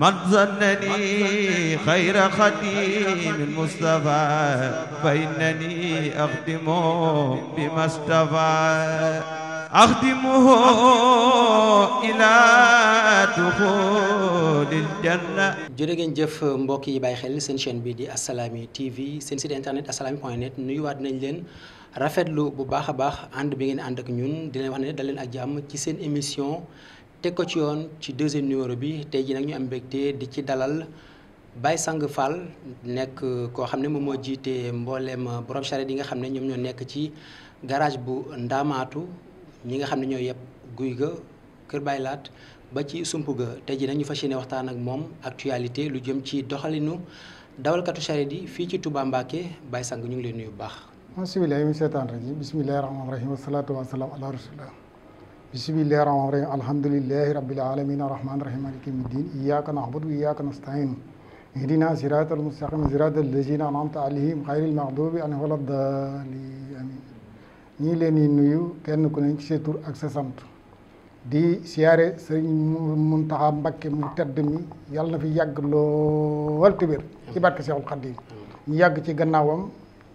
من ظنني خير خديم المصطفى فإنني أخدمه بما اصطفى أخدمه إلى دخول الجنة jërë ngeen jëf mbokk yi bàyyi xel seen chaîne bi di Assalaamy TV seen site internet assalaamy point net nuyuwaat nañ leen rafetlu bu baax a baax ànd bi ngeen ànd ak ñun di leen wax ne dal leen ak jàmm ci seen émission teg ko ci yoon ci deuxième numéro bi tey ji nag ñu am mbégte di ci dalal bay Sangue Fall nekk koo xam ne moom moo jiite mbooleem borom charrette yi nga xam ne ñoom ñoo nekk ci garage bu ndaamaatu ñi nga xam ne ñoo yëpp guy ga kër bay Laat ba ci sump ga tey ji nag ñu fas yéene waxtaan ak moom actualité lu jëm ci doxalinu dawalkatu charrette yi fii ci Touba Mbacké Baye sang ñu ngi leen nuyu baax. bisimilah. bisimillahi rahmaani rahim alhamdulilahi rabbil alamin arrahmani rahim maliki yawmi din iyyaka na'budu wa iyyaka nasta'in ihdina siratal mustaqim siratal lazina an'amta alayhim ghayril maghdubi ñii leen nuyu kenn ku ne ci sa ak sa sant di siyaare sëriñ Muntaxa Mbakke mu tedd yàlla na fi yàgg lool te i ci barke Seexul Xadiim ñu yàgg ci gannaawam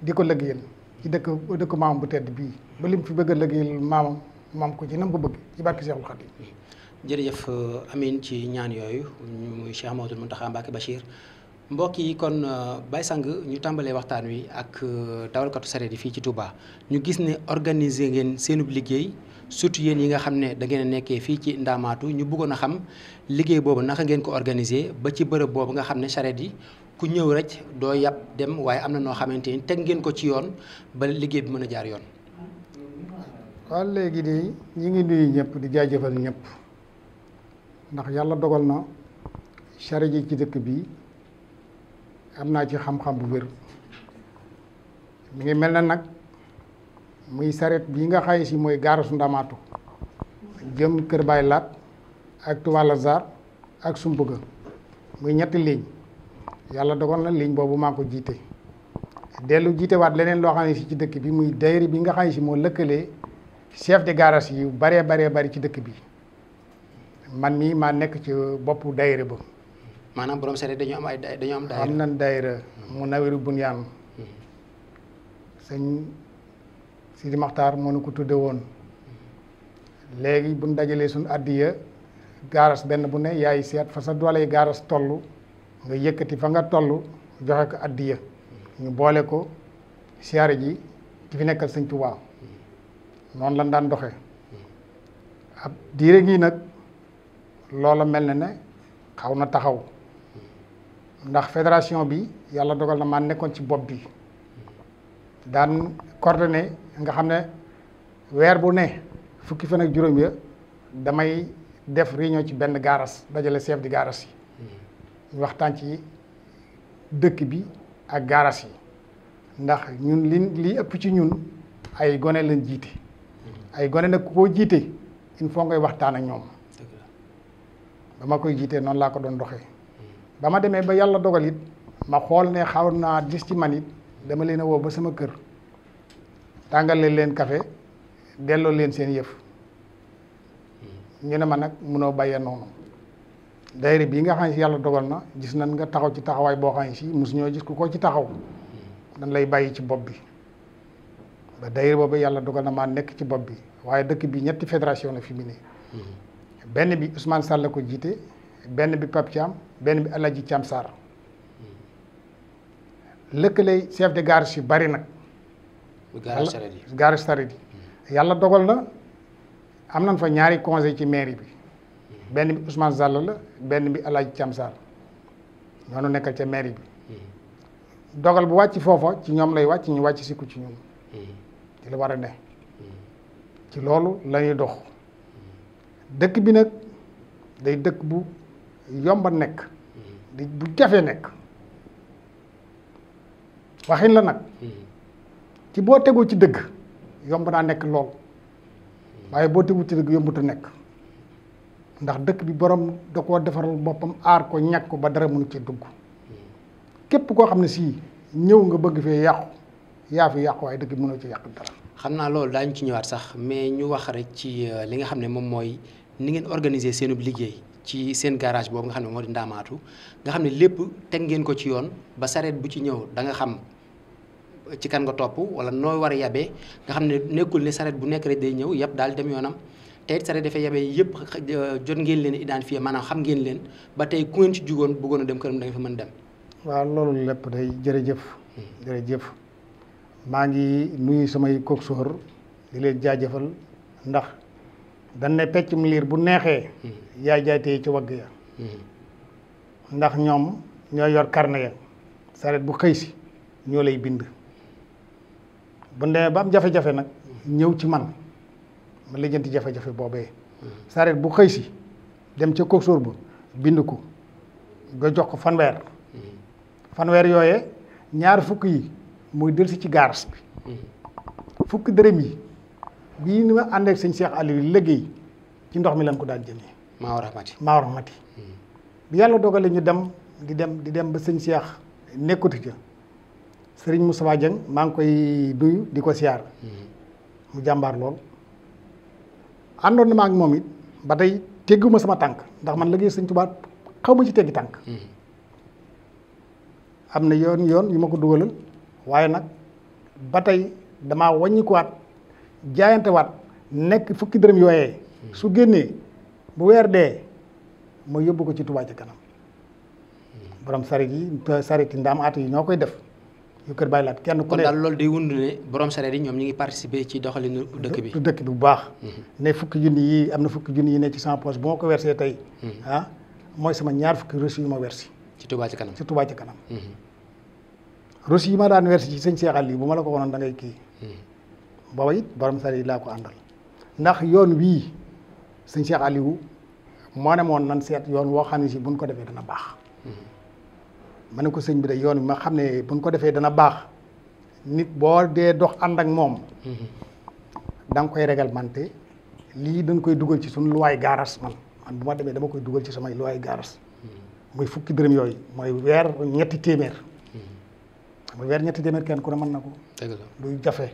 di ko liggéeyal ci dëkk dëkk maam bu tedd bii ba fi bëgg a liggéeyal maam ko ci nam ko bëgg ci barke Seexul euh, amin ci ñaan yooyu muy Cheikh Mahamadou Mountakha Mbacké Bachir mbokk yi kon euh, Baye Sang ñu tàmbalee waxtaan wi ak euh, dawalkatu sareet yi fii ci Touba ñu gis ne organiser ngeen seenub liggéey surtout yéen yi nga xam ne da ngeen a nekkee fii ci ndaamaatu ñu bëggoon a xam liggéey boobu naka ngeen ko organiser ba ci bërëb boobu nga xam ne sareet yi ku ñëw rek doo yàpp dem waaye am na noo xamante ni teg ngeen ko ci yoon ba liggéey bi mën a jaar yoon. kon léegi de ñu ngi nuyu ñëpp di jaajëfal ñëpp ndax yàlla dogal na charé ji ci dëkk bi am naa ci xam-xam bu wér mu ngi mel na nag muy saret bi nga xay si mooy gaaru su ndamaatu jëm Kër Baay Laat ak Touba Lazare ak Sumbuga muy ñetti ligne yàlla dogal na ligne boobu maa ko jiite dellu jiitewaat leneen loo si ci dëkk bi muy dayri bi nga xam si moo lëkkalee chef de garage yu baree baree bari ci dëkk bi man mii maa nekk ci boppu daayira ba. maanaam borom sareet dañoo am ay dañoo am. daayira am nañ daayira mu naweru bunyaan sëñ Sidi Maxtaar moo nu ko tudde woon léegi bu ñu dajalee suñu àddiya garas benn bu ne yaay seet fa sa dooley gaaras tollu nga yëkkati fa nga tollu joxe ko àddiya ñu boole ko siyaare ji ki fi nekkal sëñ Tuubaa noonu lañ daan doxe ab diire gi nag loola mel na ne xaw na taxaw ndax fédération bi yàlla dogal na maa nekkoon ci bopp bi daan coordonné nga xam ne weer bu ne fukki fan ak juróom ya damay def réunion ci benn gaaras dajale chef di gaaras yi waxtaan ci dëkk bi ak gaaras yi ndax ñun li li ëpp ci ñun ay gone lañ jiite ay gone nag ko jiite il faut ngay waxtaan ak ñoom ba ma koy jiite noonu laa ko doon doxee hmm. ba ma demee ba yàlla dogal it ma xool ne xaw naa dis ci man it dama leen a woo ba sama kër tàngale leen kafe delloo leen seen yëf hmm. ñu ne ma nag munoo bàyyee noonu daayira bii nga xam ne si yàlla dogal na gis nan nga taxaw ci taxawaay boo xam si mosu ñoo gis ku ko ci taxaw hmm. dañ lay bàyyi ci bopp bi ba daayira boobu yàlla dogal na maa nekk ci bopp bi waaye dëkk bi ñetti fédération la fi mu mm-hmm. benn bi Ousmane Sall la ko jiite benn bi Pape Thiam benn bi Alaji Thiam Sarr mm-hmm. lëkkale chef de garage yu bari nag. garage saret yi mm-hmm. yàlla dogal na am nañ fa ñaari conseil ci mairie bi benn bi Ousmane la benn bi Alaji Thiam Sarr noonu nekkal ca mairie bi dogal bu wàcc foofa ci ñoom lay wàcc ñu wàcc sikku ci ñoom. ci war a ne ci loolu lañuy dox dëkk bi nag day dëkk bu yomba nekk di bu jafe nekk waxin la nag ci boo tegoo ci dëgg yomb naa nekk lool waaye boo tegul ci dëgg yombuta nekk ndax dëkk bi borom da koo defaral boppam aar ko ñàkk ko ba dara mënu ci dugg képp koo xam ne sii ñëw nga bëgg fee yàqu yaa fi yàq waaye dëkk bi ci yàq dara. xam naa loolu daañu ci ñëwaat sax mais ñu wax rek ci euh, li nga xam ne moom mooy ni ngeen organiser seenub liggéey ci seen garage boobu nga xam ne moo di ndaamaatu nga xam ne lépp teg ngeen ko ci yoon ba sareet bu ci ñëw da nga xam ci kan nga topp wala nooy war a yabee nga xam ne nekkul ne sareet bu nekk rek day ñëw yëpp daal dem yoonam. tey it sareet dafay yabee yëpp euh, jot ngeen leen i identifier a xam ngeen leen ba tey ku ngeen ci jugoon bëggoon a dem këram da nga fa mën dem. waaw loolu lépp day jërëjëf. Hmm. jërëjëf. maa ngi nuyu samay coxeur di leen jaajëfal ndax dana pecc mu liir bu neexee. Hmm. yaay jaay tey ci wagg ya hmm. ndax ñoom ñoo yor carnet ya saret bu xëy si ñoo lay bind. bu demee ba am jafe-jafe nag hmm. ñëw ci man ma lijjanti jafe-jafe boobee. saret bu xëy si dem ca coxeur ba bind ko nga jox ko fanweer. fanweer yooyee ñaar fukk yi. mooy dellusi ci garas bi fukki dërëm yi bii ni ma ànd ak sëñ Cheikh Aliou liggéey ci ndox mi lan ko daan jëlee. Maawa Rahmati Maawa Rahmati hmm. bi yàlla dogalee ñu dem di dem di dem ba sëñ Cheikh nekkatu ca sëriñ mu Moussa jën maa ngi koy duyu di ko siyaar hmm. mu jàmbaar lool àndoon na ma ak moom it ba tey tegguma sama tànk ndax man liggéey sëñ Tuubaa xaw ma ci teggi tànk hmm. am na yoon yoon yu ma ko dugalal waaye nag ba tey damaa wàññikuwaat jaayantewaat nekk fukki dërëm yooyee hmm. su génnee bu weer dee ma yóbbu ko ci Touba ci kanam hmm. borom saret yi saret yi ndaam at yi ñoo koy def yu kër bàyyi laat kenn ku ne daal lool day wund ne borom yi ñoom ñu ngi participer ci doxalinu dëkk bi dëkk bu baax hmm. ne fukki junni yi am na fukki junni yi ne ci sama poche bu ma ko versé tey ah, mooy sama ñaar fukki reçu yu ma versi ci Touba kanam ci Touba ci kanam rus yi ma daan verser ci sëñ Cheikh Aliou bu ma la ko wonoon da ngay kii hmm. booba it borom sari laa ko àndal ndax yoon wii sëñ Cheikh Aliou moo ne moon nan seet yoon woo xam ne si buñ ko defee dana baax hmm. ma ne ko sëñ bi de yoon bi ma xam ne buñ ko defee dana baax nit boo dee dox ànd ak moom hmm. da nga koy réglementé lii dañ koy dugal ci suñu luwaay gaaras man man bu ma demee dama koy dugal ci samay luwaay gaaras muy fukki dërëm yooyu mooy weer ñetti téeméer xam weer ñetti téeméer kenn ku ne mën na ko. dëgg la du jafe.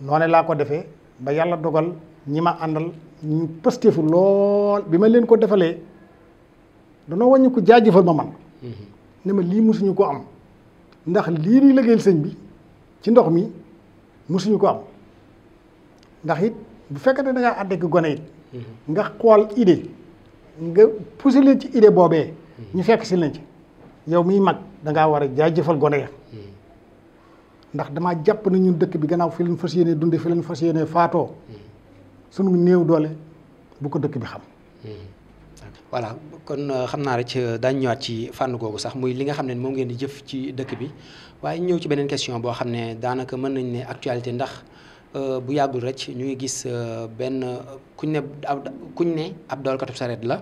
noonu laa ko defee ba yàlla dogal ñi ma àndal ñu pëstefu lool bi ma leen ko defalee danoo wàññi ko jaajëfal ma man. Mhm. ne lii mosuñu ko am ndax lii ñuy liggéeyal sëñ bi ci ndox mi mosuñu ko am ndax it bu fekkente da ngaa ànd ak gone it. Mhm. nga xool idée nga poussé leen ci idée boobee. Mhm. ñu fekk si leen ci. yow miy mag da war a jaajëfal gone ya ndax dama jàpp na ñun dëkk bi gannaaw fi leen fas yéene dunde fi leen fas yéene faatoo sunu néew doole bu ko dëkk bi xam. voilà kon euh, xam naa rek euh, daañu ñëwaat ci fànn googu sax muy li nga xam ne moom ngeen di jëf ci dëkk bi waaye ñëw ci beneen question boo xam ne daanaka mën nañ actualité ndax euh, bu yàggul rek ñu ngi gis benn kuñ ne ab kuñ ne ab dawalkatu sareet la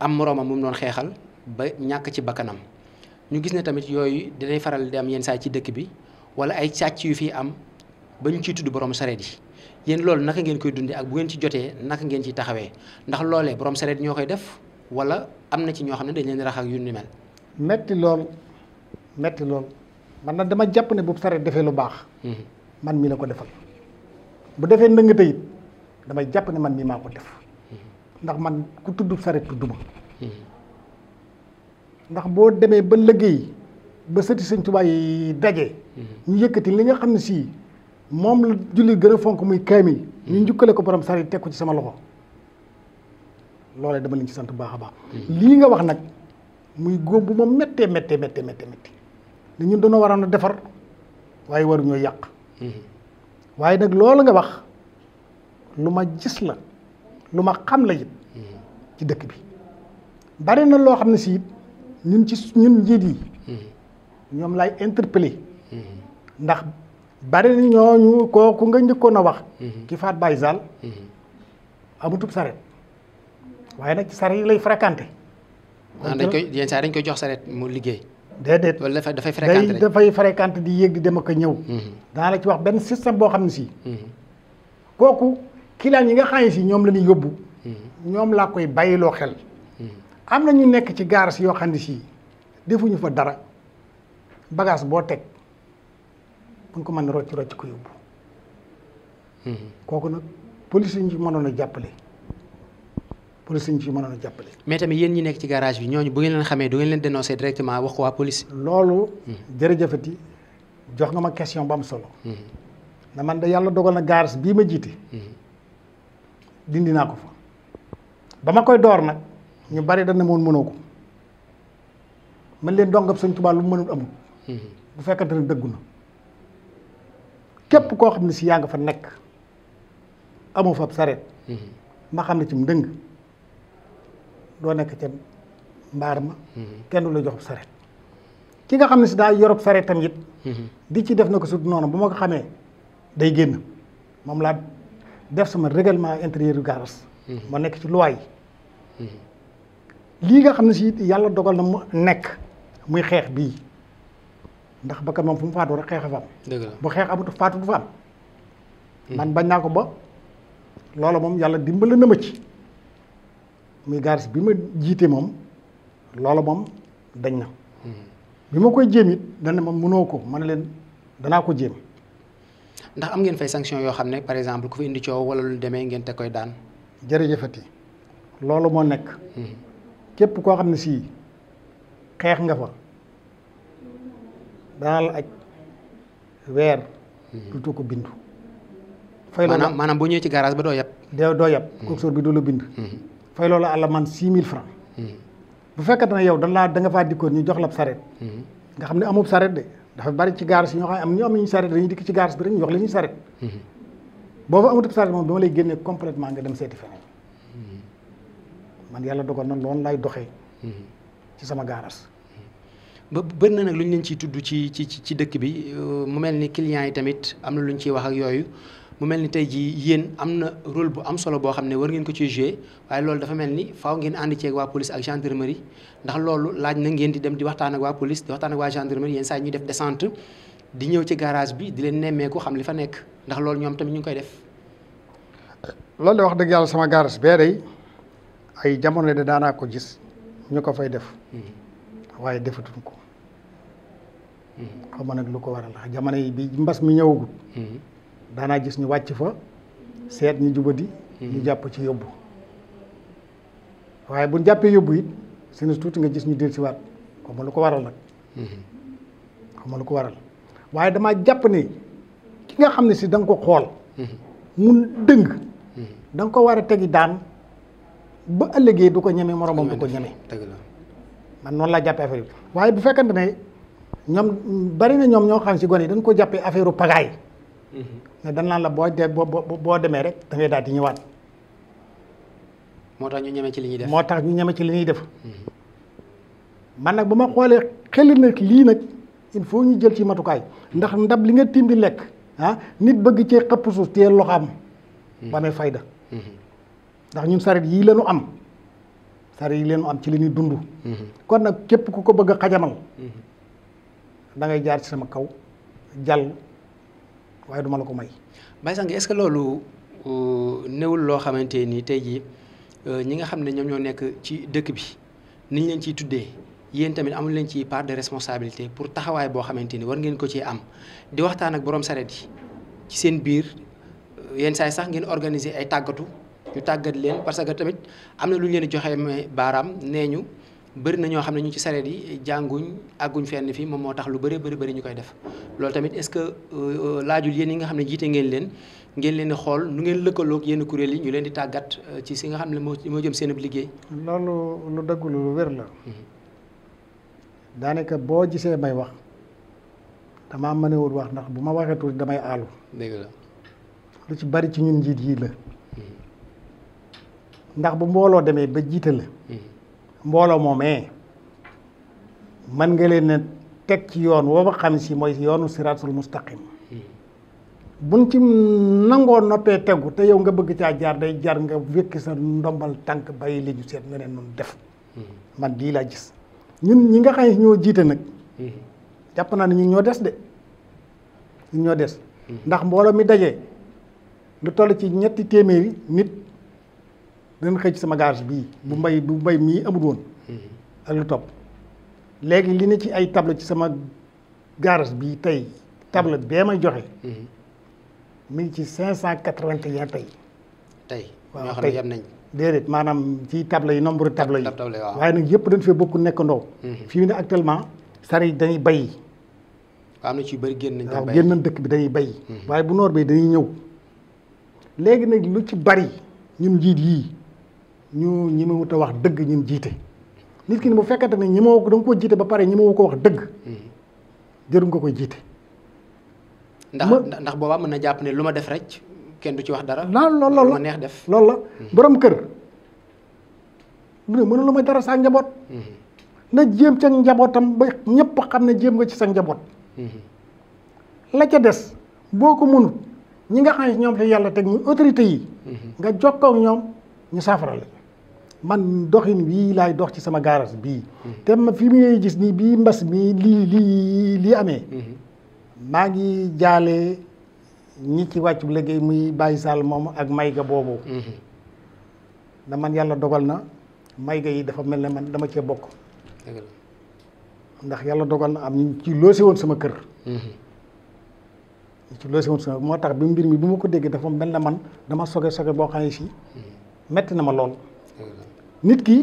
am moroomam mu doon xeexal. ba ñàkk ci bakkanam ñu gis ne tamit yooyu danay faral di am yenn saa ci dëkk bi wala ay sàcc yu fi am ba ñu ciy tudd borom sareet yi yéen loolu naka ngeen koy dundee ak bu ngeen ci jotee naka ngeen ciy taxawee ndax loolee borom sareet ñoo koy def wala am na ci ñoo xam ne dañ leen rax ak yu ni mel. metti lool metti lool man nag dama jàpp ne bu sareet defee lu baax. Mhm. man mii la ko defal bu defee ndëngate it damay jàpp ne man mii maa ko def mhm. ndax man ku tudd sareet tudd ndax boo demee ba liggéey ba sëti sëñ Tuubaa yi daje. Mhm. ñu yëkkati li nga xam ne sii moom la julli gën a fonk muy kaamil ñu mhm. njukkale ko borom sar yi teg ko ci sama loxo loolee dama leen ci sant bu baax a baax. Mhm. lii nga wax nag muy góob bu ma méttee méttee méttee méttee méttee ne ñun dañoo waroon a defar waaye waruñoo yàq. waaye nag loolu nga wax lu ma gis la lu ma xam la it. ci dëkk bi bari na loo xam ne si ñun ci ñun njiit yi hmm. ñoom lay interpellé hmm. ndax bari na ñooñu kooku nga njëkkoon a wax hmm. ki faat Baye Sall amutub saret waaye nag ci saret yi lay fréquenté ah, dañ koy yenn saa dañ koy jox saret mu liggéey déedéet wala dafay fréquenté day dafay fréquenté di yéeg di dem ak a ñëw dana la ci wax benn système boo xam ne si kooku client yi nga xam ne ñoom la ñuy yóbbu ñoom laa koy bàyyiloo xel am na ñu nekk ci gaar yoo xam ne sii defuñu fa dara bagage boo teg buñ ko mën a rocc rocc ko yóbbu. kooku nag police yi ñu ci mënoon a jàppale. police yi ñu ci mënoon a jàppale. mais tamit yéen ñi nekk ci garage bi ñooñu bu ngeen leen xamee du ngeen leen dénoncer directement wax ko waa police. loolu. Hmm. jërëjëfati jox nga ma question ba mu solo. Hmm. na man de yàlla dogal na garage bii ma jiite. Hmm. dindi naa ko fa ba ma koy door nag. ñu bari dañ ne moon mënoo ko man leen dongab sëñ Tuubaa lu mu mënul amul bu fekkante ne dëggu na képp koo xam ne si yaa nga fa nekk amoo fa ab sareet ma xam ne ci mu dëng doo nekk ca mbaar ma kenn du la jox ab sareet ki nga xam ne si daa yorob sareet tam it di ci def na ko sut noonu bu ma ko xamee day génn moom laa def sama règlement intérieur yu garas mhm. ma nekk ci loi yi mhm. lii nga xam ne si yàlla dogal na mu nekk muy xeex bii ndax bakkan moom fu mu faatu rek xeex a fa am. bu xeex amut faatu du fa hmm. man bañ naa ko ba loola moom yàlla dimbali na ma ci muy garis bi ma jiite moom loola moom dañ na. Hmm. bi ma koy jéem it dana ma mënoo ko mën ne leen danaa ko jéem. ndax am ngeen fay sanction yoo xam ne par exemple ku fa indi coow wala lu demee ngeen te koy daan. jërëjëfati loolu moo nekk. Hmm. képp koo xam ne si xeex nga fa daal aj weer hmm. du ko bindu fay loolu maanaam boo ñëwee ci garage ba doo yab doo hmm. doo bind hmm. fay loolu àlla man six mille francs bu fekkee ne yow dan laa da nga faa dikkoon ñu jox la saret nga xam ne amub saret de dafa bari ci garage yi ñoo xam ne am ñu am ñu saret dañuy dikk ci garage bi rek ñu jox la saret boo fa amutab saret moom dama lay génne complètement nga dem seeti feneen man yàlla dogal na noonu lay doxee ci sama gaaras ba bëri na nag lu ñu leen ciy tudd ci ci ci dëkk bi euh, mu mel ni clients yi tamit am na lu ñu ciy wax ak yooyu mu mel ni tey jii yéen am na rôle bu am solo boo xam ne war ngeen ko ciy joué waaye loolu dafa mel ni faaw ngeen ànd ceeg waa police ak gendarmerie ndax loolu laaj na ngeen di dem di waxtaan ak waa police di waxtaan ak waa gendarmerie yenn saa yi ñuy def descente di ñëw ci garage bi di leen nemmeeku xam li fa nekk ndax loolu ñoom tamit ñu koy def. loolu de ay jamono de daanaa ko gis ñu ko fay def mm-hmm. waaye defatuñ ko mm-hmm. xam nag lu ko waral jamono yi bi mbas mi ñëwagul mm-hmm. daanaa gis ñu wàcc fa seet ñu jubadi ñu jàpp ci yóbbu waaye bu jàppee yóbbu it seen tuuti nga gis ñu dellu siwaat xam lu ko waral nag xam lu ko waral waaye dama jàpp ni ki nga xam ne si danga ko xool mun dëng da ko war a tegi daan ba ëllëgee du ko ñeme moromam du ko ñeme. man noonu laa jàppee affaire bi waaye bu fekkante ne ñoom bari na ñoom ñoo xam si gone yi dañ ko jàppee affaire pagaay mm-hmm. ne dañ naan la boo de boo boo demee rek da daal di ñëwaat. moo tax ñu ñeme ci li ñuy def moo tax ñu ñeme ci li ñuy mm-hmm. man nag bu ma xoolee xel nag lii nag il faut ñu jël ci matukaay ndax ndab li nga tiim di lekk ah nit bëgg cee xëpp suuf te loxaam. Mm-hmm. ba amee fayda. ndax ñun saret yii lañu am saret yi lañu am ci li ñuy dund kon nag képp ku ko bëgg a xajamal da ngay jaar ci sama kaw jàll waaye duma la ko may Baye Sangue est-ce que loolu euh, newul loo xamante nii tey jii euh, ñi nga xam ne ñoom ñoo nekk ci dëkk bi niñ leen ciy tuddee yéen tamit amul leen ci part de responsabilité pour taxawaay boo xamante ni war ngeen ko ci am di waxtaan ak borom saret yi ci seen biir euh, yenn saay sax ngeen organiser ay tàggatu ñu tàggat leen parce que tamit am na lu ñu leen joxee baaraam nee ñu bëri na ñoo xam ne ñu ci sareet yi jànguñ àgguñ fenn fii moom moo tax lu bari bëri bëri ñu koy def loolu tamit est-ce que euh, laajul yéen yi nga xam ne jiite ngeen leen ngeen leen di xool nu ngeen lëkkaloog yenn kuréel yi ñu leen di tàggat euh, ci si nga xam ne moo moo jëm seen ab liggéey. loolu lu dëgg lu wér la. Mhm. daanaka boo gisee may wax dama damaa mënewul wax ndax bu ma waxee tuuti damay aalu. dëgg la ci bari ci ñun njiit ndax bu mbooloo demee ba jiita la hmm. mbooloo moomee man nga leen teg ci yoon woo ba xam si mooy yoonu siraatul mustaqim hmm. buñ ci nangoo noppee tegu te yow nga bëgg caa jaar day jar nga wékki sa ndombal tànk bay li ñu seet neneen noonu def hmm. man dii laa gis ñun ñi nga xam ne ñoo jiite nag jàpp naa ne ñun ñoo des de ñun ñoo des ndax mbooloo mi dajee lu toll ci ñetti téeméeri nit dinañ xëy ci sama garage bii bu mbay bu mbay mii amul woon ak lu topp léegi li ne ci ay table ci sama garas bii tey table bee may joxe mi ngi ci cinq cent quatre-vingt-un tey tey waaw tey yem nañ déedéet maanaam ci table yi nombre table yi waaye nag yëpp dañ fee bokk nekkandoo mhm. fii ne actuellement sari dañuy bay am ci bëri génn nañ waaw génn dëkk bi dañuy bay mhm. waaye bu noor bi dañuy ñëw léegi nag lu ci bari ñun njiit yii ñu ñi ma wut a wax dëgg ñi jiite nit ki ni bu fekkante ne ñi ma da nga koo jiite ba pare ñu ma woo ko wax dëgg mm-hmm. jëru nga koy jiite ndax ndax boobaa mën na jàpp ne lu ma def rek kenn du ci wax dara la lool lool ma neex def loolu la mm-hmm. boroom kër mu ne mënu lu may dara sa njaboot mm-hmm. na jéem ca njabootam ba ñëpp xam ne jéem nga ci sa njaboot la ca des boo ko mënut ñi nga xam ne ñoom la yàlla teg ñu autorité yi nga jokkoo ak ñoom ñu saafara la man doxin wii laay dox ci sama gaaras bii te fi muy gis nii bii mbas mi lii lii lii amee mm-hmm. maa ngi jaale ñi ci wàccu liggéey muy bàyyi saal moom ak mayga boobu da mm-hmm. man yàlla dogal na mayga yi dafa mel ne dama cee bokk ndax yàlla dogal na am ñu ci loose woon sama kër mm-hmm. ñu ci loose woon sama moo tax bi mbir mi bu ma ko déggee dafa mel na man dama soge soge boo xam ne si metti na ma lool nit ki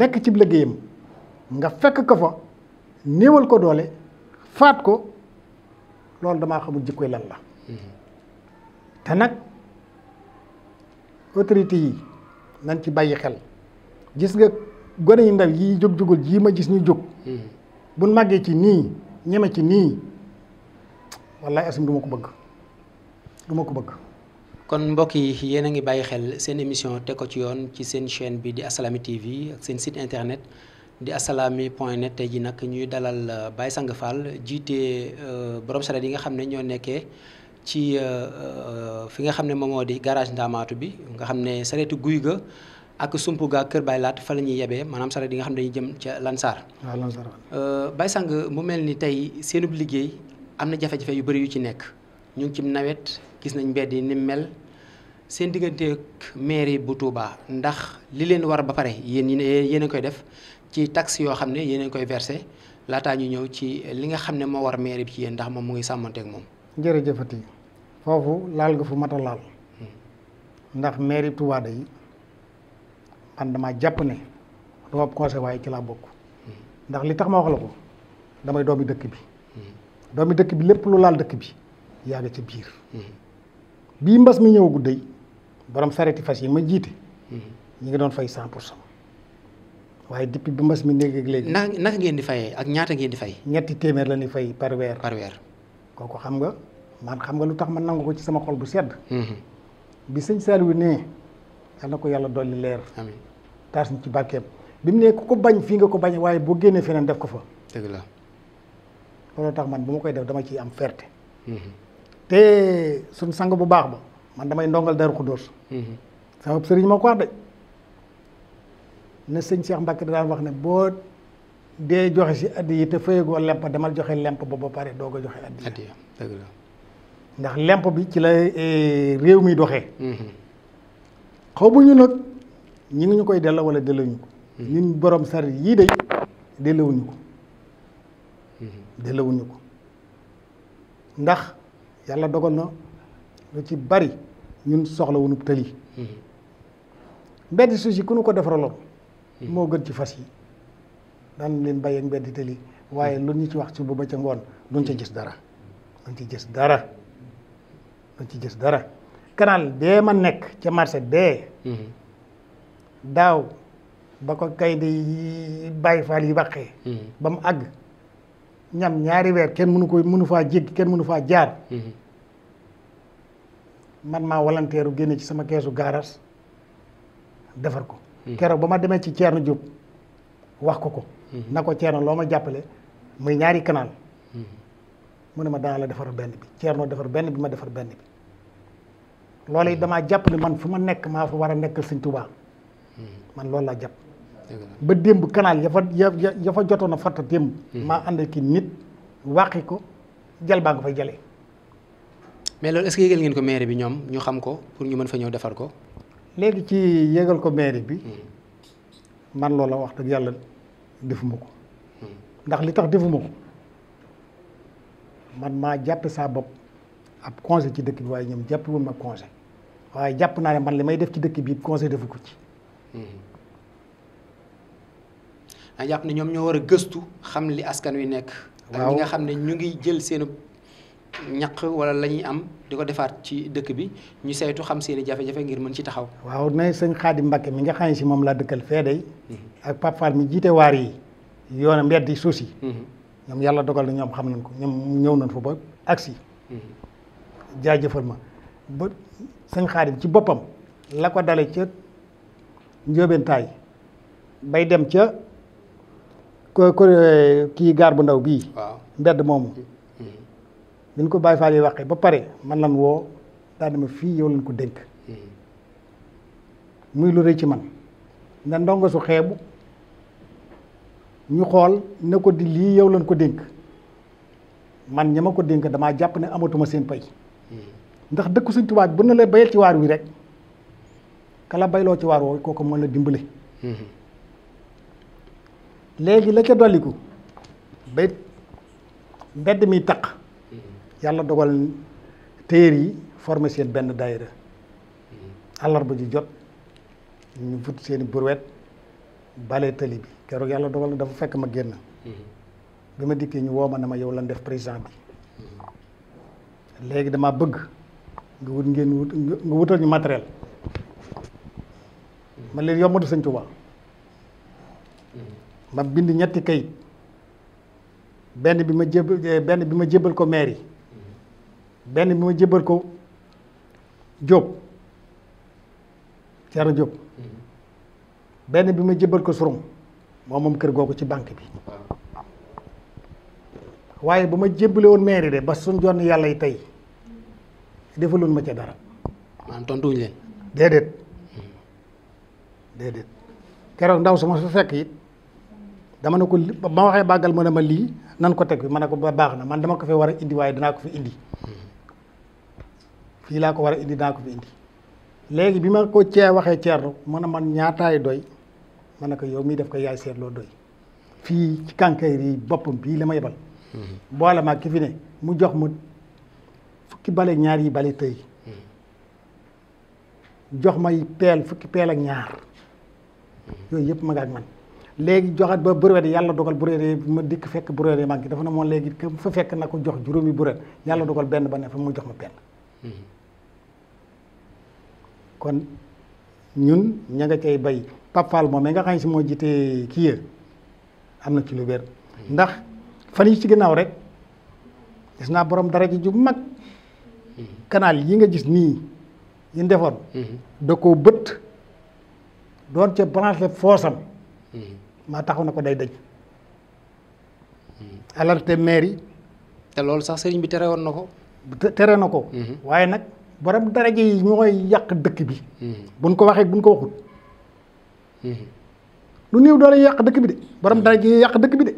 nekk cib liggéeyam nga fekk ko fa néewal ko doole faat ko loolu damaa xamul jikkoy lan la mm-hmm. te nag autorité yi nañ ci bàyyi xel gis nga gone yu ndaw yi jóg jógul jii ma gis ñu jóg mm-hmm. bu màggee ci nii ñeme ci nii wallaay asim du ma ko bëgg duma ko bëgg kon mbokk yi yéen a ngi bàyyi xel seen émission teg ko ci yoon ci seen chaîne bi di Assalaamy TV ak seen site internet di assalaamy point net tey ji nag ñuy dalal euh, Baye Sangue Fall jiite euh, borom sareet yi nga xam ne ñoo nekkee ci euh, fi nga xam ne moom moo di garage Ndamaatu bi nga xam ne sareetu guy ga ak sumpu ga Kër Baye Laat fa la ñuy yebee maanaam sareet yi nga xam ne dañuy jëm ca Lansar. waaw Lansar Baye Sangue mu mel ni tey seenub liggéey am na jafe-jafe yu bëri yu ci nekk ñu ngi ci nawet gis nañ mbedd yi ni mel. seen digganteeg mairie bu tuubaa ndax li leen war ba pare yéen yéen a koy def ci taxe yoo xam ne yéen a koy versé laataa ñu ñëw ci li nga xam ne moo war mairie bi ci yéen ndax moom mu ngi sàmmanteeg moom. jërëjëfati foofu laal nga fu mat a hmm. ndax mairie Touba day man jàpp ne roob conseil waaye ci laa bokk hmm. ndax li tax ma wax la ko damay doomi dëkk bi hmm. doomi dëkk bi lépp lu laal dëkk bi yaa ci biir bii mbas mi ñëw guddee borom sareeti fas yi ma jiite. Mm-hmm. ñu ngi doon fay cent pour cent waaye depuis bi mbas mi néeg ak léegi. na ngeen di fayee ak ñaata ngeen di fay. ñetti téeméer la ñuy fay par weer. par weer kooku xam nga man xam nga lu tax man nangu ko ci sama xol bu sedd. Mm-hmm. bi sëñ Saliou nee yal na ko yàlla dolli leer. amiin taas ñu ci barkeem bi mu ne ku ko bañ fii nga ko bañ waaye boo génnee feneen def ko fa. dëgg la loolu tax man bu ma koy def dama ciy am ferte. Mm-hmm. te suñ sang bu baax ba. man damay ndongal Daaru Xudóos mm-hmm. sama sëriñ ko wax de ne sëñ Cheikh Mbacke daan wax ne boo dee joxe si addi yi te fayagoo lemp demal joxe lemp ba ba pare doo ko joxe addi yi dëgg ndax lemp bi ci la eh, réew mi doxee mm-hmm. ñu nag ñi koy delloo walla dellawuñu ko mm-hmm. ñun borom sar yii day dellawuñu ko dellawuñu ko ndax yàlla dogal na lu ci bari ñun soxla wuñu tëli mbedd suuf si ku nu ko defaraloon moo gën ci fas yi daan leen bàyyi ak mbedd tëli waaye lu ñu ci wax ci bu ba ca ngoon duñ ci gis dara duñ ci gis dara ci gis dara canal bee ma nekk ca marché bee daaw ba ko kay di bàyyi faal yi baqee ba mu àgg ñam ñaari weer kenn mënu ko mënu faa jéggi kenn mënu faa jaar man maa volontaire génne ci sama keesu gaaraas defar ko. Hmm. keroog ba ma demee ci na Diop wax ko ko. Hmm. na ko Thierno loo ma jàppale muy ñaari canal. Hmm. mu ne ma daan la defar benn bi Thierno defar benn bi ma defar benn bi. loolu it damaa jàpp ne man fu ma nekk maa fa war a nekkal Sëñ Tuubaa man lool laa jàpp. ba démb canal ya fa ya fa jotoon a fatt démb. maa ànd ki nit wàqi ko jël baa nga fay jëlee. mais loolu est-ce que yëgal ngeen ko mairie bi ñoom ñu xam ko pour ñu mën fa ñëw defar ko. léegi ci yégal ko maire bi. Hmm. man loola wax dëgg yàlla defuma ko. Hmm. ndax li tax defuma ko man maa jàpp saa bopp ab conseil ci dëkk bi waaye ñoom jàppe wu ma conseil waaye jàpp naa ne man li may def ci dëkk bi conseil defu ko ci. maa hmm. ah, jàpp ne ñoom ñoo war a gëstu xam li askan wi nekk. waaw ñaq wala lañuy am di ko defaat ci dëkk bi ñu saytu xam seen i jafe-jafe ngir mën ci taxaw. waaw nay sëñ Xaadim Mbàkke mi nga xam si moom laa dëkkal fee day mm-hmm. ak Pape Fall mi jiite waar yi yoona mbedd yi suuf si. Mm-hmm. ñoom yàlla dogal na ñoom xam nañ ko ñoom ñëw nañ fa ba agsi. Mm-hmm. jaajëfal ma ba sëñ Xaadim ci boppam la ko dale ca njóobentaay bay dem ca ko kii gaar bu ndaw bii. waaw mbedd moomu. dañ ko Baye Fall ba pare man lan woo daa fii yow lañ ko dénk ci man nda ndongo su xeebu ñu xool ne ko di lii yow lañ ko dénk man ña ko dénk damaa jàpp ne amatuma seen pay ndax dëkku Sëñ Tuubaa bu la bayal ci waar wi rek kala bayloo ci waar woowu kooku mën la dimbale léegi la ca dolliku ba mbedd mi taq yàlla dogal téer yi formé seen benn daayira àllarba ji jot ñu fut seeni i bale tali bi keroog yàlla dogal na dafa fekk ma génn mm-hmm. bi ma dikkee ñu woo ma ne ma yow lan def président bi mm-hmm. léegi dama bëgg nga wut ngeen wut nga wutal ñu matériel mm-hmm. ma leen yombatu sëñ Tuubaa ma bind ñetti kayit benn bi ma jébal benn bi ma jébal ko maire yi benn bi ma jébbal ko Diop Thierno Diop mm-hmm. benn bi ma jébbal ko Sorom moom moom kër googu ci banque bi waaye bu ma jébbale woon mairie de ba suñ jonn yàlla yi tey defaloon ma ca dara. maanaam tontuwuñ leen. déedéet mm-hmm. déedéet keroog ndaw sama su fekk it dama ne ko li ma waxee bàggal ma ne ma lii nan ko teg bi ma ne ko ba baax na man dama ko fi war a indi waaye danaa ko fi indi. Mm-hmm. fii laa ko war a indi daa ko fi indi léegi bi ma ko cee waxee ceerno mën a man ñaataay doy ma ne ko yow mii def ko yaay seetloo doy fii ci kànkayr yi boppam bii la ma yebal mm-hmm. boole ma ki fi ne mu jox ma fukki bale ñaar yi bale tëy mm-hmm. jox may peel fukki peel ak ñaar mm-hmm. yooyu yëpp ma nga ak man léegi joxat ba bureet yàlla dogal bureet ma dikk fekk bureet yi manqué dafa ne moom léegi fa fekk na ko jox juróomi bureet yàlla dogal benn ba ne fa jox ma benn kon ñun ña nga cay bay Papal moom nga xam si moo jiite kii ya am na ci lu wér ndax fan yi ci ginnaaw rek gis naa boroom dara ji ju mag kanaal yi nga gis nii yi defoon mm-hmm. da koo bët doon ca branché foosam mm-hmm. maa taxaw na ko day daj mm-hmm. alerté maire yi te loolu sax sëriñ bi tere woon na ko tere na ko waaye nag borom daraja yi ñooy yàq dëkk bi. Hmm. buñ ko waxee buñ ko waxut. Hmm. lu néew doole yàq dëkk bi de borom hmm. daraja yi yàq dëkk bi de.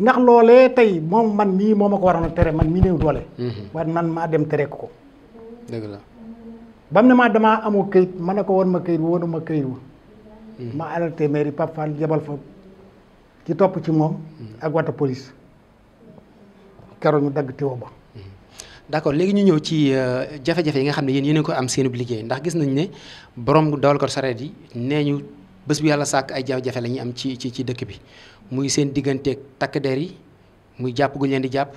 ndax loolee tey moom man mii moom ma ko waroon a tere man mii néew doole. waaye man maa dem tere ko. dëgg la bam ne maa damaa amul këyit ma ne ko woon ma këyit woonu ma këyit wu. ma alerté mairie Pape Fall jabal fa ci topp ci moom. ak wata police. keroog ñu dagg teewoo ba. d'accord léegi ñu ñëw ci euh, jafe-jafe yi nga xam ne yéen yéen ko am seenub liggéey ndax gis nañ ne borom dawal ko sareet yi nee ñu bés bu yàlla sàkk ay jafe-jafe la ñuy am ci ci ci dëkk bi muy seen digganteeg takk der yi muy jàpp leen di jàpp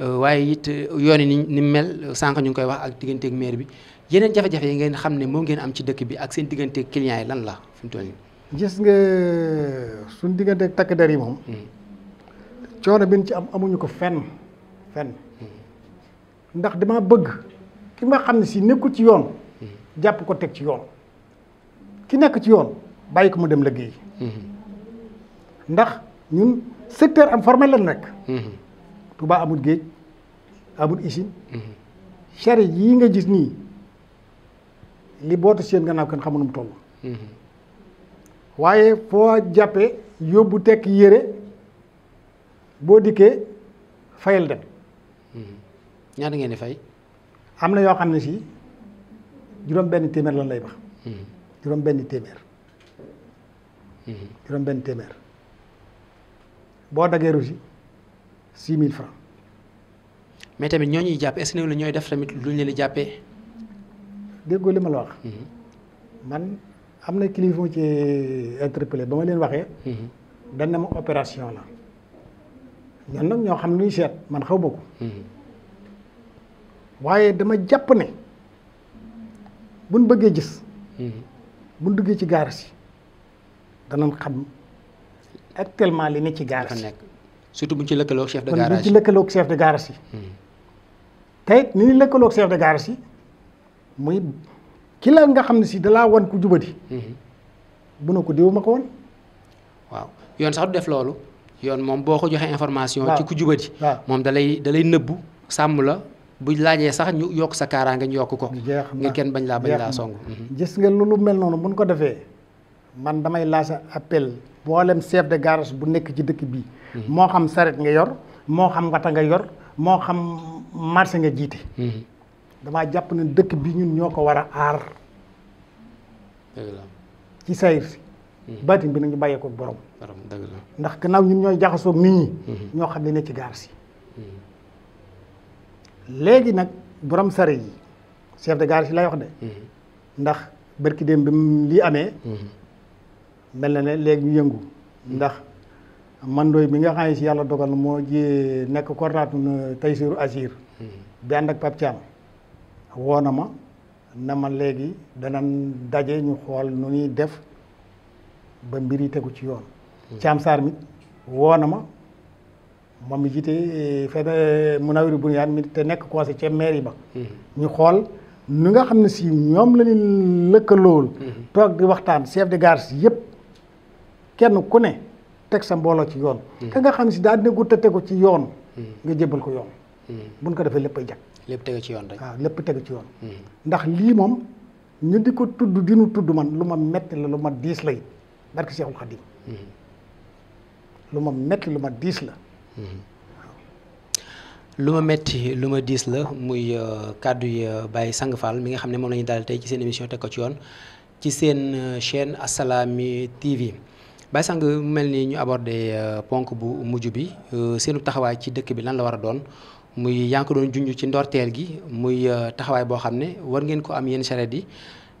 euh, waaye it euh, yoon ni ni mel sànq ñu ngi koy wax ak digganteeg maire bi yeneen jafe-jafe yi ngeen xam ne moom ngeen am ci dëkk bi ak seen digganteeg clients yi lan la fi mu toll nii gis nga suñ digganteeg takk der yi moom hmm. coono bi ci amuñu ko fenn fenn ndax dama bëgg ki nga xam ne si nekkul ci yoon jàpp ko teg ci yoon ki nekk ci yoon bàyyi ko ma dem liggéey mm-hmm. ndax ñun secteur am formel la nekk mm-hmm. Touba amul géej amul usine mm-hmm. charrette yi nga gis nii li bootu seen gannaaw kenn xamul nu mu toll waaye foo jàppee yóbbu tekk yére boo dikkee fayal dem ñaata ngeen di fay. am na yoo xam ne si juróom benn téeméer lan lay wax. Hmm. juróom benn téeméer. Hmm. juróom benn téeméer boo daggee rusi six mille francs mais tamit ñoo ñuy jàpp est-ce que ñooy def tamit lu ñu leen di jàppee. déggoo li ma la wax. Hmm. man am na kilifa ci eh, interpellé ba ma leen waxee. dañ na ma opération la. ñun nag ñoo xam lu ñu seet man xaw ma ko. waaye dama jàpp ne bu buñ bëggee gis mhm. buñ duggee ci gaar si danañ xam actuellement li ne ci gaar si surtout buñ ci lëkkaloo chef de garage ci lëkkaloo chef de garage yi mhm. te ni ñu lëkkaloo chef de garage yi muy ki la nga xam ne si dalaa wan ku jubadi mhm. bu na ko diw ko woon waaw yoon sax du def loolu yoon moom boo ko joxee information ci ku jubadi moom dalay dalay nëbbu sàmm la buñ laajee sax ñu yokk sa kaaraanga ñu yokk ko. ngir kenn bañ laa bañ laa song. Mhm. gis nga lu mel noonu buñ ko defee man damay laaj appel booleem chef de garage bu nekk ci dëkk bi. Mhm. moo xam saret nga yor moo xam wata nga yor moo xam marché nga jiite. Mhm. damaa jàpp ne dëkk bi ñun ñoo ko war a aar. ci sayir si. baatin bi nañu bàyyee ko borom. dëgg la ndax gannaaw ñun ñooy jaxasoo nit ñi. ñoo xam ne ne ci garage yi. léegi nag borom sari yi chef de gare si lay wax de. Mm-hmm. ndax barki démb bi lii amee. Mm-hmm. mel na ne léegi yëngu. Mm-hmm. ndax man doy bi nga xam ne si yàlla dogal na moo ji nekk coordonnateur Taysiru Asir. bi ànd ak Pape Thiam woo na ma na ma léegi dana daje ñu xool nu ñuy def ba mbir yi tegu ci yoon. Thiam Sarr mi woo moom mi mun eh, fenn Munawir Bunyan mi te nekk conseil ci mairie ba mm-hmm. ñu xool nu nga xam ne si ñoom la ñu lëkkalool mm-hmm. toog di waxtaan chef de yëpp kenn ku ne teg sa mbooloo ci yoon mm-hmm. ka nga xam ne si daal daa dina gutta tegu ci yoon nga jébbal ko yoon buñ ko defee lépp ay jag lépp tegu ci yoon rek waaw lépp tegu ci yoon ndax lii moom ñu di ko tudd di nu tudd man lu ma metti la lu ma diis la it barke Seexul Xadim lu ma metti lu ma diis la lu ma metti lu ma diis la muy euh, kàddu yi euh, bàyyi Sang Fall mi nga xam ne moom la ñu daal tey ci seen émission teg ko ci yoon ci seen euh, chaîne Assalaamy TV Baye Sang mel ni ñu abordé ponk bu mujj bi seenu taxawaay ci dëkk bi lan la war a doon muy yaa ngi doon junj ci ndorteel gi muy taxawaay boo xam ne war ngeen ko am yenn charrette yi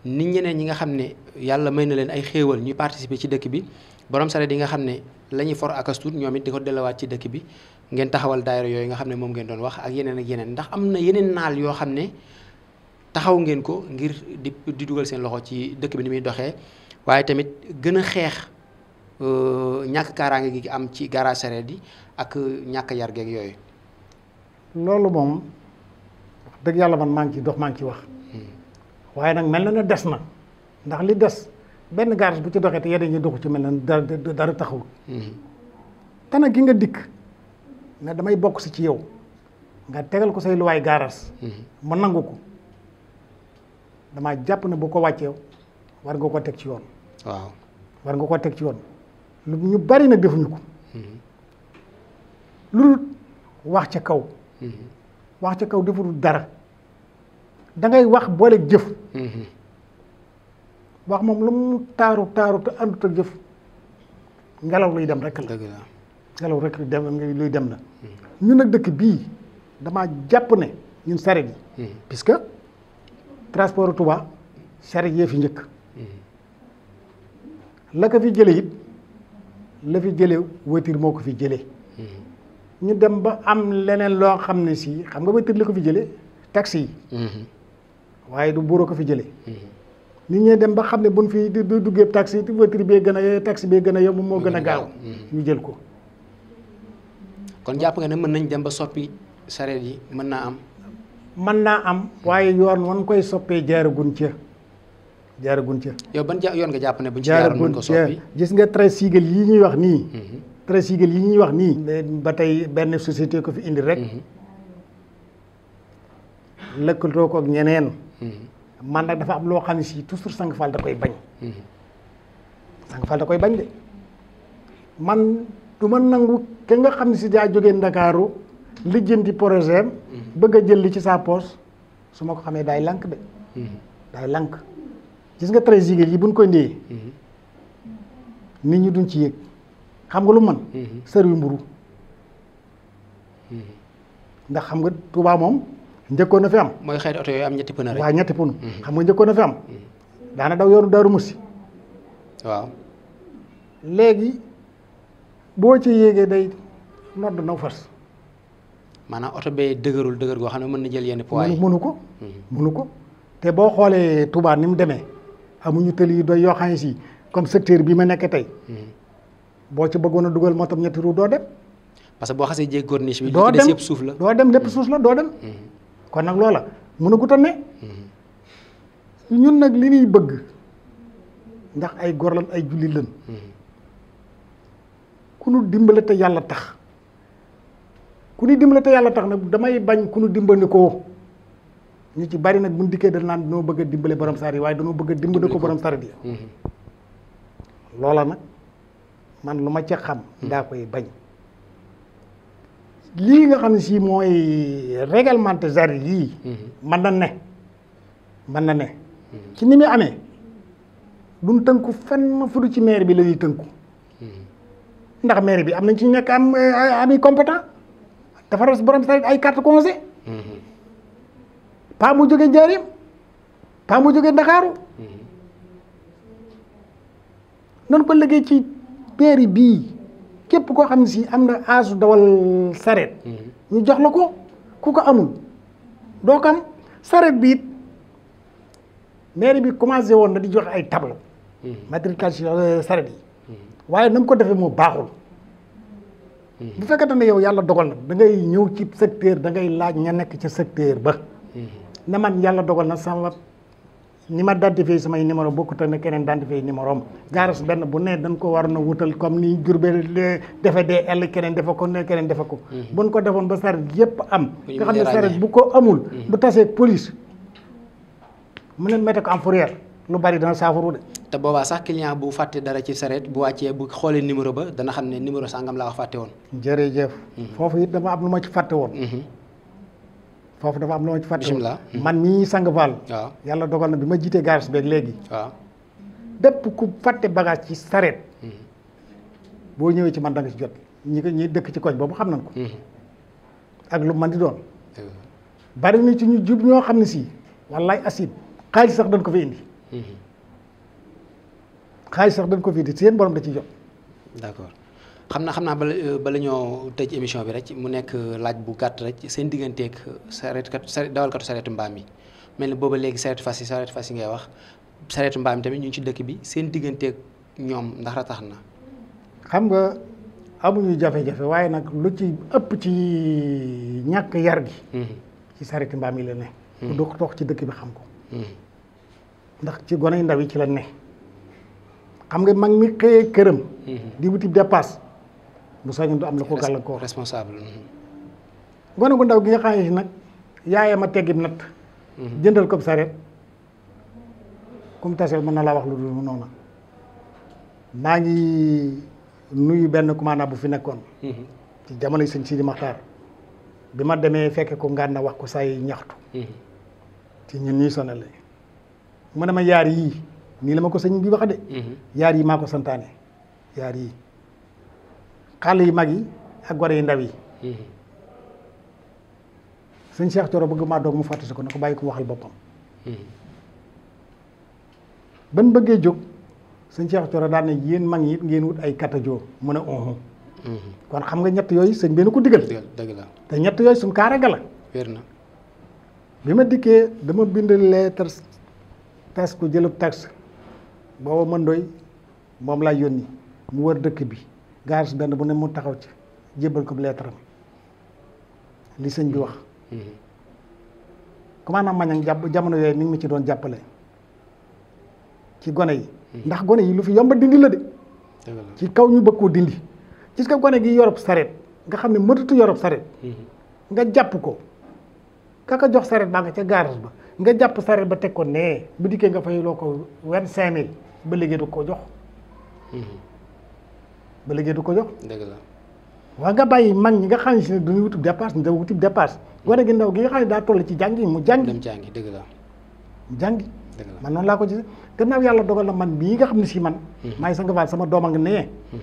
nit ñeneen ñi nga xam ne yàlla may na leen ay xéewal ñuy participer ci dëkk bi borom sareet yi nga xam ne la ñuy for ak astuut ñoom it di ko delluwaat ci dëkk bi ngeen taxawal daayira yooyu nga xam ne moom ngeen doon wax ak yeneen ak yeneen ndax am na yeneen naal yoo xam ne taxaw ngeen ko ngir di di dugal seen loxo ci dëkk bi ni muy doxee waaye tamit gën a xeex euh, ñàkk kaaraange gi am ci garage sareet yi ak ñàkk yar geeg yooyu. loolu moom dëgg yàlla man maa ngi ciy dox maa ngi ciy wax hmm. waaye nag mel na ne des na ndax li des. benn garage bu ci doxee te yeneen ñi doxu ci mel ne dara dara taxawul. Mm-hmm. te gi nga dikk na damay bokk si ci yow nga tegal ko say luwaay garage. Mm-hmm. mu nangu ko dama jàpp ne bu ko wàccee war nga ko teg ci yoon. waaw war nga koo teg ci yoon lu ñu bari na defuñu ko. Mm-hmm. lu wax ca kaw. wax ca kaw deful dara dangay wax boole jëf. wax moom lu mu taaru taaru te àndut ak jëf ngelaw luy dem rek la. ngelaw rek luy dem la. ñun nag dëkk bii damaa jàpp ne ñun saret yi. Hmm. puisque transport Touba saret yee fi njëkk. Hmm. la ko fi jëlee it la fi jële voiture moo ko fi jëlee. Hmm. ñu dem ba am leneen loo xam ne si xam nga voiture la ko fi jëlee taxi yi. waaye du buuroo ko fi jëlee. nit ñee dem ba xam ne buñ fi duggee taxi voiture bee gën a taxi bee gën a yomb moo gën a gaaw ñu jël ko kon jàpp nga ne mën nañ dem ba soppi sareet yi mën naa am mën naa am waaye yoon wan koy soppee jaaragun ca jaaragun ca yow ban yoon nga jàpp ne buñ ci jaaroon mën ko soppi gis nga treize sigle yi ñuy wax nii mhm. treize sigle yi ñuy wax nii ba tey benn société ko fi indi rek mhm. lëkkaloo ko ak ñeneen mhm. man nag dafa am loo xam ne si toujours sang Fall da koy bañ. sang Fall koy bañ de man du ma nangu ke nga xam ne si daa jógee Ndakaaru lijjanti projet am bëgg a jël li ci sa poos su ma ko xamee daay lank de. daay lank gis nga très jigéen yi buñ koy ndee nit ñi duñ ci yëg xam nga lu man mhm. sër wi mburu ndax xam nga Tuubaa moom. njëkkoon na fi am. mooy xeetu oto yooyu am ñetti pneu rek. waaw ñetti pneu. Mhm. xam nga njëkkoon na fi am. Mhm. daana daw yoonu Daaru Musi. waaw. léegi boo ci yéegee day nodd naw fas. maanaam oto bee dëgërul dëgër goo xam ne mën na jël yenn poids yi. mënu ko mënu mhm. ko te boo xoolee Touba ni mu demee amuñu tëli yu doy yoo xam si comme secteur bi ma nekk tey. boo ci bëggoon a dugal moo tam ñetti ru doo dem. parce que boo xasee jéggi corniche bi. doo dem li suuf la doo dem lépp suuf la doo kon nag loola mënagut a ne ñun nag li ñuy bëgg ndax ay góor lan ay jullit lan ku nu dimbale te yàlla tax ku nu dimbale te yàlla tax nag damay bañ ku nu ko ñu ci bari nag mun dikkee dañ naan dañoo bëgg dimbale borom saar yi waaye dañoo bëgg a dimbale ko borom saar yi mm-hmm. loola nag man lu ma ca xam daa koy bañ lii nga xam ne si mooy réglementé jari yii mhm. mën na ne mën na ne mhm. ci ni muy amee duñ tënku fenn fu du ci maire bi la ñuy tënku mhm. ndax maire bi am nañ ci nekk am ami compétent dafa res borom sarit ay carte conseil paa mu jóge Njaaréem paa mu Ndakaaru noonu ko liggéey ci maire bii képp koo xam si am na âge dawal sareet mhm. ñu jox la ko ku ko amul doo ko am sareet bi it mairie bi commencé woon na di jox ay tableau mhm. matriculation euh, saret yi mhm. waaye na ko defee moo baaxul bu fekkente ne yow yàlla dogal na da ngay ñëw ci secteur da ngay laaj ña nekk ci secteur ba na man yàlla dogal na sama ni ma identifié samay numéro bokkut ak ne keneen identifié numéro am gaaras benn bu nee dañ ko war na wutal comme ni Diourbel eh, defe dee ell keneen defe ko ne keneen defe ko mhm. buñ ko defoon ba saret yëpp am nga xam ne saret bu ko amul mhm. bu tasee police mu ne mette ko en fourrière lu bari dana saafaru de te boobaa sax client bu fàtte dara ci saret bu wàccee bu xoolee numéro ba dana xam ne numéro sangam laa wax fàtte woon jërëjëf mhm. foofu it dama am lu ma ci fàtte woon foofu dafa am lu ma ci fàttali hmm. man mii sang Fall yàlla dogal na bi ma jiitee garage beeg léegi waaw bépp ku fàtte bagage ci sareet hmm. boo ñëwee ci man danga ci jot ñi ko ñi dëkk ci koñ boobu xam nañ ko hmm. ak lu man di doon bari na ci ñu jub ñoo xam ne si wallaay asib xaalis sax dañ ko fi indi xaalis sax dañ ko fi indi seen borom da ciy jot d'accord xam naa xam naa bala euh, bala ñoo tëj émission bi rek mu nekk euh, laaj bu gàtt rek seen digganteeg euh, sareetkat sareet dawalkatu sareetu mbaam yi mel ni booba léegi sareetu fas yi sareetu fas yi ngay wax sareetu mbaam yi tamit ñu ngi ci dëkk bi seen digganteeg ñoom ndax ratax na. xam nga amuñu jafe-jafe waaye nag lu ci ëpp ci ñàkk yar gi. ci sareetu mbaam yi la ne. ku dox dox ci dëkk bi xam ko. ndax ci goney ndaw yi ci la ne. xam nga mag mi xëyee këram. di wuti dépasse. bu sañoon du am la ko gàllankoor responsable. gone gu ndaw gi nga xam nag yaayam a teggib natt. Mhm. jëndal ko sareet kum taseel mën na laa wax lu dul noonu maa ngi nuyu benn commandant bu fi nekkoon. Mhm. ci jamono yi sëñ Sidi Maxtaar bi ma demee fekke ko ngaan na wax ko say ñaxtu. Mhm. ci ñun ñuy sonal mu ne ma yaar yii nii la ma ko sëñ bi wax de. yaar yi maa ko santaane yaar yii. xale yu mag yi ak gore yu ndaw yi sëñ Cheikh Thioro bëgg maa doog mu fàttali ko na ko bàyyi ko waxal boppam ban bëggee jóg sëñ Cheikh Thioro daan ne yéen mag yi ngeen wut ay katajo mën a onhu kon xam nga ñett yooyu sëñ benn ko digal dëgg la te ñett yooyu suñ kaaraga la na bi ma dikkee dama bind lettre tas ko jëlub tax booba mën doy moom laa yónni mu wër dëkk bi garis benn bu ne mu taxaw ci jébbal ko bu leetaram li sëñ bi wax mm-hmm. commandant Magnang jàpp jamono yooyu mi ngi ma ci doon jàppale ci gone yi mm-hmm. ndax gone yi lu fi yomba dindi la de ci kaw ñu bëgg koo dindi gis nga gone gi yorob sareet nga xam ne mëtutu yorob sareet mm-hmm. nga jàpp ko kaka jox sareet baa nga ca garis ba nga jàpp sareet ba teg ko nee bu dikkee nga fay loo ko vingt-cinq ba léegi du ko jox ba léegi du ko jox. dëgg la waaw nga bàyyi mag ñi nga xam ne si duñu wutub dépasse ñu wuti dépasse wane ndaw gi nga xam ne daa toll ci jàngi mu jàngi. dem jàngi dëgg la. mu jàngi. laa ko gisee gannaaw yàlla dogal na man bii nga xam ne si man. Hmm. maa ngi sa nga sama doom nga nee. Hmm.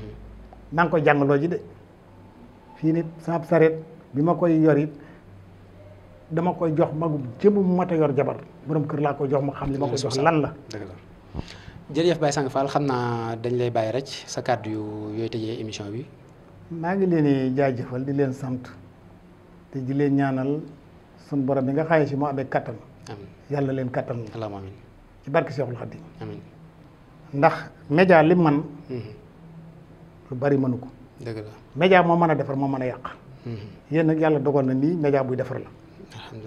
maa ngi koy jàngaloo ji de fii nit saab sareet bi ma koy yor it dama koy jox magum jëm mu mat a yor jabar borom kër laa koy jox ma xam li ma koy jox lan la. dëgg la jërëjëf Baye Sang Fall xam naa dañ lay bàyyi rek sa kàddu yu yooyu tëjee émission bi. maa ngi leen di jaajëfal di leen sant te di leen ñaanal sun borom bi nga xaye si moo amee kattan. yàlla leen kattan. allahumma amiin ci barke Seexul Xadiim. amiin ndax média li man mhm. lu bari mënu ko. dëgg la média moo mën a defar moo mën a yàq. Mhm. yéen yàlla dogal na nii média buy defar la.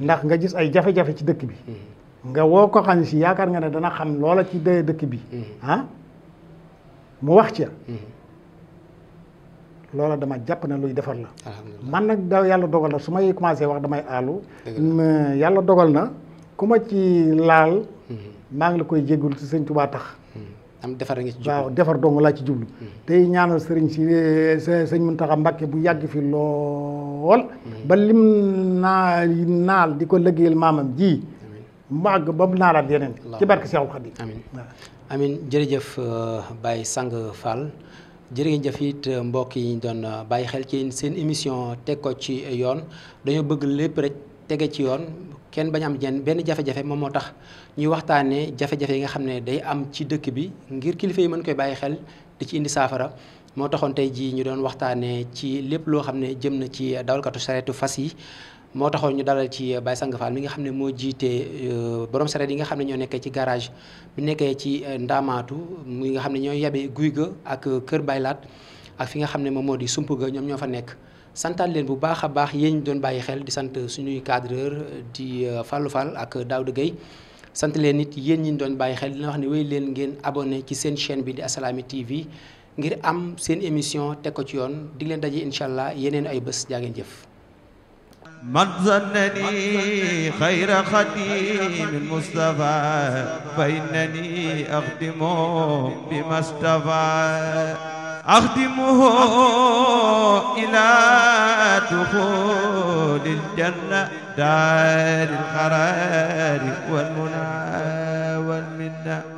ndax nga gis ay jafe-jafe ci dëkk bi. Mhm. nga woo ko xam si yaakaar nga ne dana xam loola ci dëye dëkk bi mm-hmm. ah mu wax ca mm-hmm. loola dama jàpp na luy defar la man nag da yàlla dogal na su may commencé wax damay aalu mm, yàlla dogal na ku ma ci laal mm-hmm. maa ngi la koy jéggul ci sëñ Tuubaa tax am defar nga ci jublu waaw defar dong laa ci jublu. tey ñaanal sëriñ si eh, sëñ Muntaxa Mbàkke bu yàgg fi lool. ba lim naa naal di ko lëggéeyal maamam ji. màgg ba mu naalaat yeneen. ci barke Seexul Xadiim. amiin amin jërëjëf euh, bàyyi Sang Fall. jërëjëf it euh, mbokk yi ñu doon euh, bàyyi xel ci seen émission teg ko ci yoon dañoo bëgg lépp rek tege ci yoon kenn bañ am jenn benn jafe-jafe moom moo tax ñuy waxtaanee jafe-jafe yi nga xam ne day am ci dëkk bi ngir kilifa yi mën koy bàyyi xel di ci indi saafara moo taxoon tey jii ñu doon waxtaanee ci lépp loo xam ne jëm na ci dawalkatu sareetu fas yi. moo taxoon ñu dalal ci euh, Baye Sang Fall mi nga xam ne moo jiite euh, borom sareet yi nga xam ne ñoo nekkee ci garage bi nekkee ci euh, Ndaamaatu mi nga xam ne ñooy yabe guy ga ak Kër laat ak fi nga xam ne moom moo di sump ga ñoom ñoo fa nekk. santaat leen bu baax a baax yéen doon bàyyi xel di sant suñuy cadreur di Fallou Fall ak Daouda Gueye sant leen nit yéen ñi doon bàyyi xel dina wax ne wéy leen ngeen abonné ci seen chaîne bi di Assalaamy TV ngir am seen émission teg ko ci yoon dig leen daje incha allah yeneen ay bés jaa ngeen jëf. من ظنني خير خديم المصطفى فإنني أخدمه بما اصطفى أخدمه إلى دخول الجنة دار القرار والمنى والمنة